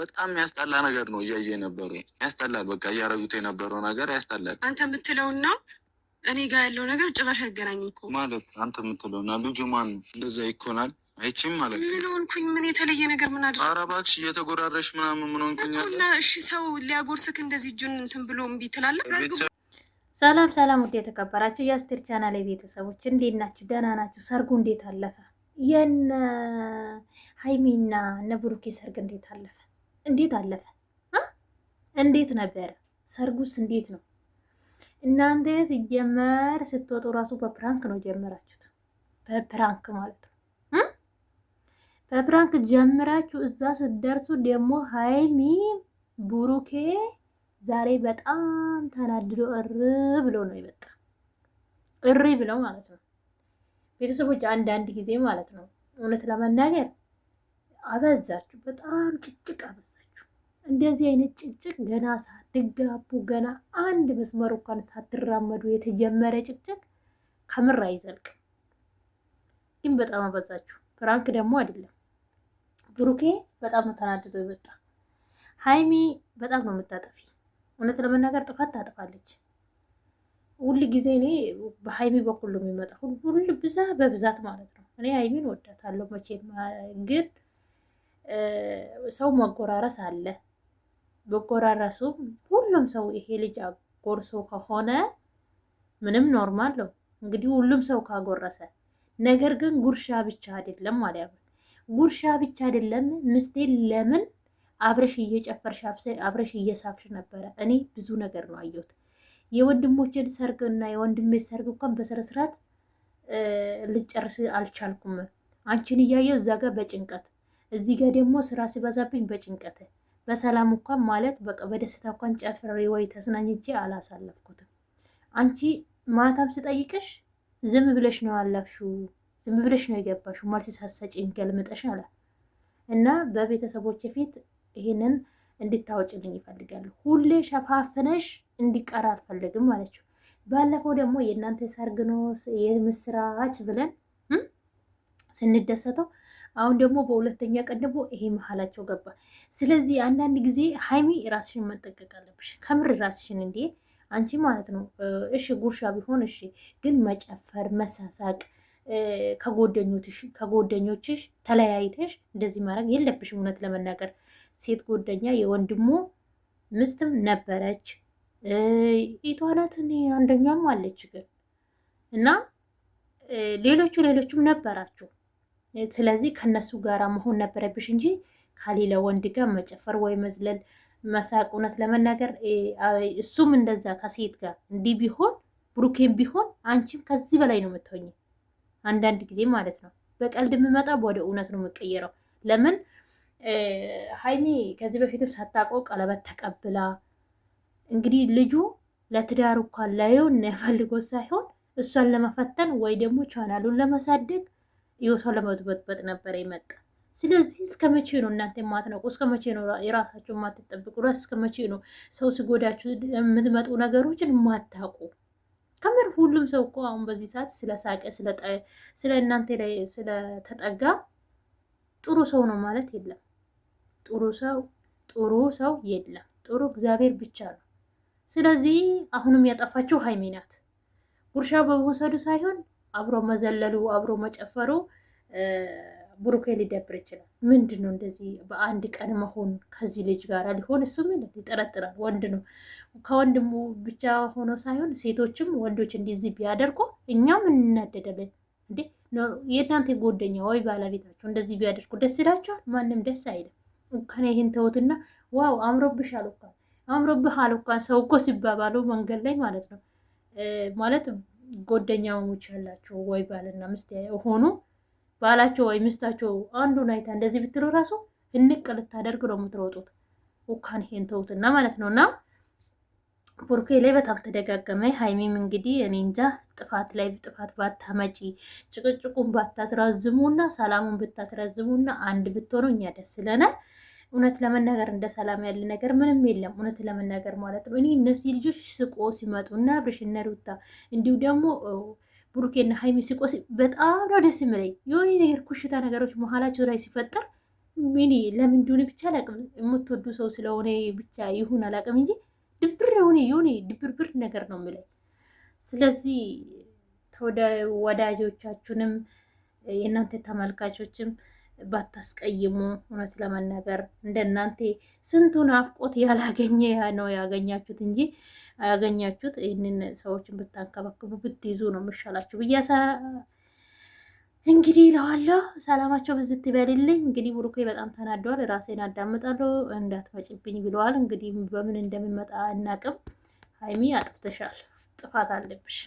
በጣም በጣም ያስጠላ ነገር ነው እያየ ነበሩ። ያስጠላል። በቃ እያረጉት የነበረው ነገር ያስጠላል። አንተ የምትለውና እኔ ጋር ያለው ነገር ጭራሽ አይገናኝም እኮ ማለት አንተ የምትለውና ልጁ ማን እንደዛ ይኮናል። አይችም ማለት ነው። ምን ሆንኩኝ? ምን የተለየ ነገር ምን አድርግ? ኧረ እባክሽ እየተጎራረሽ ምናምን ምን ሆንኩኝ? እሺ ሰው ሊያጎርስክ እንደዚህ እጁን እንትን ብሎ እምቢ ትላለህ። ሰላም ሰላም፣ ውድ የተከበራችሁ የአስቴር ቻናል ቤተሰቦች እንዴት ናችሁ? ደህና ናችሁ? ሰርጉ እንዴት አለፈ? የነ ሀይሚና እነ ብሩኬ ሰርግ እንዴት አለፈ? እንዴት አለፈ? እንዴት ነበረ? ሰርጉስ እንዴት ነው? እናንተ ሲጀመር ስትወጡ ራሱ በፕራንክ ነው ጀመራችሁት። በፕራንክ ማለት ነው። በፕራንክ ጀምራችሁ እዛ ስትደርሱ ደግሞ ሀይሚ ቡሩኬ ዛሬ በጣም ተናድዶ እሪ ብሎ ነው የመጣ። እሪ ብለው ማለት ነው ቤተሰቦች፣ አንዳንድ ጊዜ ማለት ነው እውነት ለመናገር አበዛችሁ፣ በጣም ጭጭቅ አበዛ እንደዚህ አይነት ጭቅጭቅ ገና ሳትጋቡ ገና አንድ መስመር እንኳን ሳትራመዱ የተጀመረ ጭቅጭቅ ከምር አይዘልቅ። ግን በጣም አበዛችሁ። ፍራንክ ደግሞ አይደለም ብሩኬ በጣም ነው ተናድዶ የመጣ። ሀይሚ በጣም ነው የምታጠፊ። እውነት ለመናገር ጥፋት ታጥፋለች። ሁል ጊዜ እኔ በሀይሚ በኩል ነው የሚመጣ ሁሉ ብዛ በብዛት ማለት ነው። እኔ ሀይሚን ወዳታለሁ መቼም ግን ሰው መጎራረስ አለ በጎራራሱ ሁሉም ሰው ይሄ ልጅ ጎርሶ ከሆነ ምንም ኖርማል ነው እንግዲህ ሁሉም ሰው ካጎረሰ። ነገር ግን ጉርሻ ብቻ አይደለም ማለት ነው። ጉርሻ ብቻ አይደለም። ምስቴ ለምን አብረሽ እየጨፈርሽ አብረሽ እየሳቅሽ ነበረ? እኔ ብዙ ነገር ነው አየሁት። የወንድሞችን ሰርግ እና የወንድሜ ሰርግ እንኳን በስነ ልጨርስ አልቻልኩም። አንቺን እያየው እዛ ጋር በጭንቀት እዚህ ጋር ደግሞ ስራ ሲበዛብኝ በጭንቀት በሰላም እንኳን ማለት በቃ በደስታ እንኳን ጨፍሬ ወይ ተዝናንቼ አላሳለፍኩትም። አንቺ ማታም ስጠይቅሽ ዝም ብለሽ ነው አላፍሽው፣ ዝም ብለሽ ነው የገባሽው፣ መልስ ሳትሰጪኝ ገልምጠሽ አለ እና በቤተሰቦች ፊት ይህንን እንድታወጭልኝ ይፈልጋሉ። ሁሌ ሸፋፍነሽ እንዲቀራ አልፈልግም አለችው። ባለፈው ደግሞ የእናንተ ሰርግ ነው የምስራች ብለን ስንደሰተው አሁን ደግሞ በሁለተኛ ቀን ደግሞ ይሄ መሀላቸው ገባ። ስለዚህ አንዳንድ ጊዜ ሀይሚ ራስሽን መጠቀቅ አለብሽ። ከምር ራስሽን እንዴ አንቺ ማለት ነው። እሺ ጉርሻ ቢሆን እሺ፣ ግን መጨፈር፣ መሳሳቅ ከጎደኞችሽ ተለያይተሽ እንደዚህ ማድረግ የለብሽም። እውነት ለመናገር ሴት ጎደኛ የወንድሙ ምስትም ነበረች ኢቷናት አንደኛም አለች ግን እና ሌሎቹ ሌሎቹም ነበራችሁ ስለዚህ ከነሱ ጋር መሆን ነበረብሽ እንጂ ከሌላ ወንድ ጋር መጨፈር ወይ መዝለል መሳቅ፣ እውነት ለመናገር እሱም እንደዛ ከሴት ጋር እንዲህ ቢሆን ብሩኬን ቢሆን አንቺም ከዚህ በላይ ነው የምትሆኝ። አንዳንድ ጊዜ ማለት ነው በቀልድ የምመጣ ወደ እውነት ነው የምቀየረው። ለምን ሀይሚ ከዚህ በፊትም ሳታውቀው ቀለበት ተቀብላ እንግዲህ ልጁ ለትዳር እኳ ላየው ፈልጎ ሳይሆን እሷን ለመፈተን ወይ ደግሞ ቻናሉን ለመሳደግ ሰው ለመበጥበጥ ነበረ የመጣ። ስለዚህ እስከ መቼ ነው እናንተ የማትነቁ? እስከ መቼ ነው የራሳችሁ የማትጠብቁ? እስከ መቼ ነው ሰው ስጎዳችሁ የምትመጡ ነገሮችን የማታውቁ? ከምር ሁሉም ሰው እኮ አሁን በዚህ ሰዓት ስለሳቀ ስለ እናንተ ላይ ስለተጠጋ ጥሩ ሰው ነው ማለት የለም። ጥሩ ሰው ጥሩ ሰው የለም። ጥሩ እግዚአብሔር ብቻ ነው። ስለዚህ አሁንም ያጠፋችው ሀይሜ ናት ጉርሻ በመውሰዱ ሳይሆን አብሮ መዘለሉ አብሮ መጨፈሩ ብሩኬ ሊደብር ይችላል። ምንድን ነው እንደዚህ በአንድ ቀን መሆን ከዚህ ልጅ ጋር ሊሆን እሱ ምን ይጠረጥራል። ወንድ ነው ከወንድሙ ብቻ ሆኖ ሳይሆን ሴቶችም ወንዶች እንዲዚህ ቢያደርጉ እኛም እንናደዳለን። እንዴ የእናንተ ጎደኛ ወይ ባለቤታቸው እንደዚህ ቢያደርጉ ደስ ይላቸዋል? ማንም ደስ አይልም። ከኔ ይህን ተውትና፣ ዋው አምሮብሽ አልኳን አምሮብህ አልኳን ሰው እኮ ሲባባሉ መንገድ ላይ ማለት ነው ማለት ጓደኛሞች ያላቸው ወይ ባልና ምስት ሆኑ ባላቸው ወይ ምስታቸው አንዱን አይታ እንደዚህ ብትሉ ራሱ እንቅ ልታደርግ ነው የምትሮጡት። ውካን ይሄን ተውትና ማለት ነው እና ቡርኬ ላይ በጣም ተደጋገመ። ሀይሚም እንግዲህ እኔ እንጃ ጥፋት ላይ ጥፋት ባታመጪ ጭቅጭቁን ባታስራዝሙና ሰላሙን ብታስራዝሙና አንድ ብትሆኑ እኛ ደስ ይለናል። እውነት ለመናገር እንደ ሰላም ያለ ነገር ምንም የለም። እውነት ለመናገር ማለት ነው። እኔ እነዚህ ልጆች ስቆ ሲመጡ እና አብርሽ እና ሩታ እንዲሁ ደግሞ ብሩኬና ሀይሚ ስቆ በጣም ነው ደስ የሚለኝ። የሆነ ነገር ኩሽታ ነገሮች መሀላቸው ላይ ሲፈጠር ሚኒ ለምን እንደሆነ ብቻ አላቅም። የምትወዱ ሰው ስለሆነ ብቻ ይሁን አላቅም እንጂ ድብር የሆነ የሆነ ድብርብር ነገር ነው የሚለኝ። ስለዚህ ተወዳጅዎቻችሁንም የእናንተ ተመልካቾችም ባታስቀይሙ። እውነት ለመናገር እንደናንተ ስንቱን አፍቆት ያላገኘ ነው ያገኛችሁት እንጂ ያገኛችሁት ይህንን ሰዎችን ብታንከባክቡ ብትይዙ ነው የሚሻላችሁ ብያሳ እንግዲህ ይለዋለሁ። ሰላማቸው ብዝት ይበልልኝ። እንግዲህ ብሩኬ በጣም ተናደዋል። ራሴን አዳምጣለሁ እንዳትመጭብኝ ብለዋል። እንግዲህ በምን እንደምመጣ አናቅም። ሀይሚ አጥፍተሻል፣ ጥፋት አለብሽ።